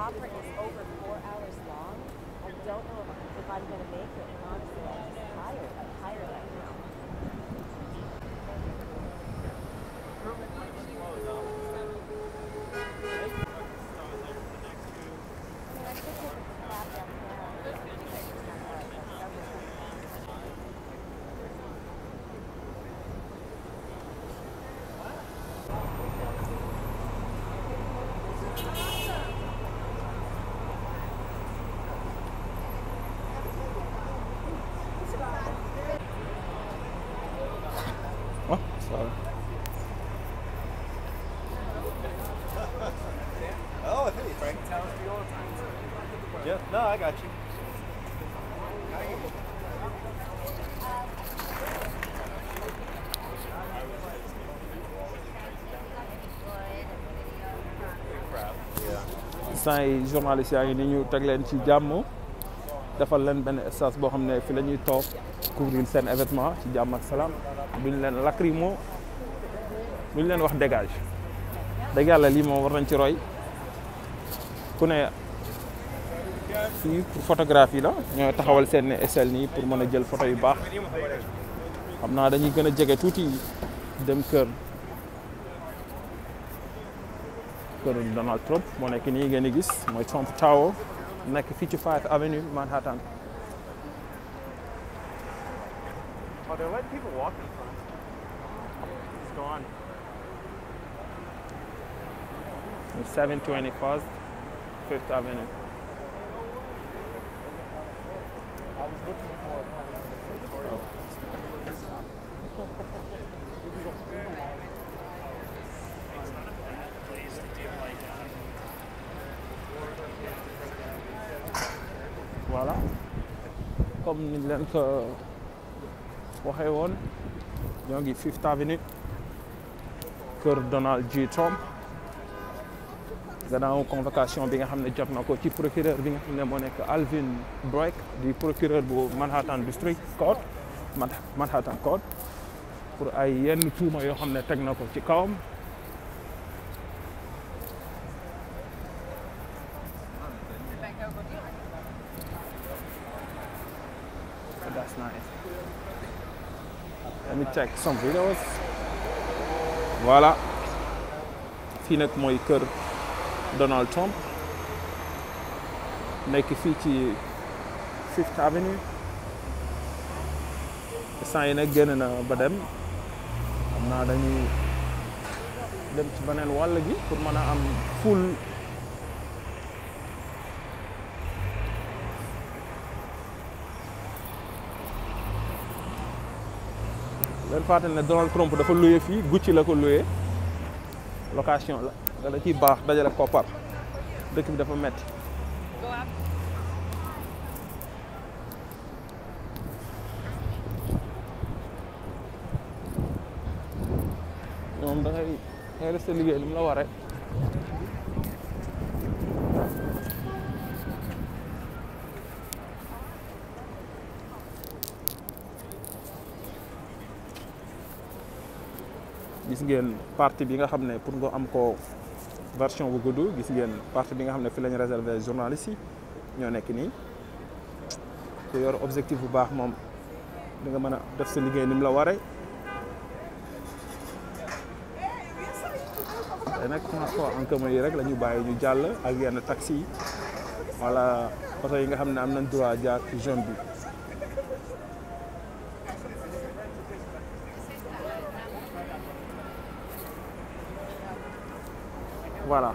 opera is over hours long. I don't know if, if I'm going to make it. And honestly, I'm just tired. now. Oh, sorry. oh, hey, Frank. Yeah, no, I got you. sant ngi ni ñu teg leen ci jàmm defal leen benn espace boo xam ne fi la ñuy toog couvrir seen événement ci jàmm ak salaam duñ leen lacrymo duñ leen wax dégage dëgg yàlla lii moo war nañ ci roy ku ne fii pour photographie la ñoo taxawal seen SL nii pour mën a jël photo yu baax xam naa dañuy gën a jege tuuti dem kër kër Donald Trump moo nekk nii ngeen di gis mooy Trump Tower nekk fii ci Five Avenue Manhattan. Oh, they're letting people walk in front. It's gone. It's 721 Fifth Avenue. voilà comme niñ leen ko waxee woon ñoo ngi Fifth Avenue kër Donald J Trump gannaaw convocation bi nga xam ne jot na ko ci procureur bi nga xam ne moo nekk Alvin Bragg di procureur bu Manhattan District Court Manhattan Court pour ay yenn tuuma yoo xam ne teg na ko ci kawam so that's nice. Let check some videos. voilà fii nag mooy kër Donald Trump nekk fii ci Fifth Avenue sant yi nag génn na ba dem xam naa dañuy dem ci beneen wàll gi pour am full leen fàttali ne Donald Trump dafa loué fii Gucci la ko loué location la da la ciy baax dajale koppar dëkk bi dafa metti moom da ngay def sa liggéey li mu la waree gis ngeen partie bi nga xam ne pour nga am ko version bu gudd gis ngeen partie bi nga xam ne fi lañu réservé journalistes yi ñoo nekk nii ku yor objectif bu baax moom di nga mën a def sa liggéey ni mu la waree. te nag transport en commun yi rek la ñu bàyyi ñu jàll ak yenn taxi yi wala oto yi nga xam ne am nañ droit jaar ci zone bi. Voilà.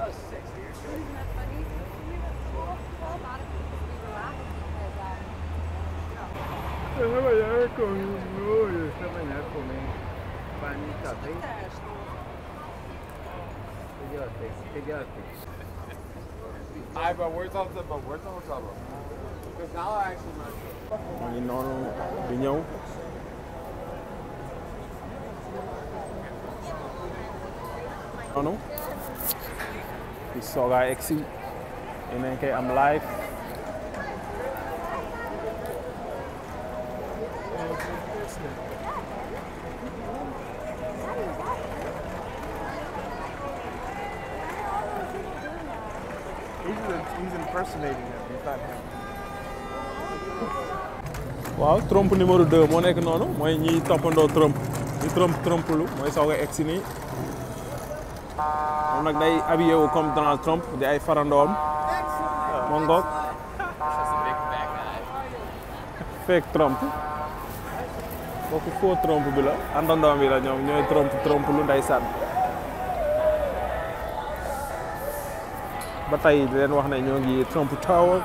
Oh, six. Isn't that funny? Eu trabalhava com números, trabalhava com panita, tem? Idiote, idiote. Ai, but where's all the, but where's all the trouble? Because now I actually know. Oni nono vinham. Nono? di egsi dinañ koy am live waaw Trump numéro de moo nekk noonu mooy ñiy toppandoo Trump ñu Trump Trump lu mooy soog egsi nii moom nag day habillé wu comme Donald Trump di ay farandoom moo ngoog fake Trump kooku faux Trump bi la àndandoom bi la ñoom ñooy Trump Trump lu nday sànn ba tey di leen wax ne ñoo ngi Trump Tower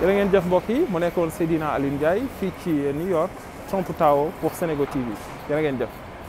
jërë ngeen jëf mbokk yi mu nekkoon Seydina Aliou Ndiaye fii ci New York Trump Tower pour Senego TV jërë ngeen jëf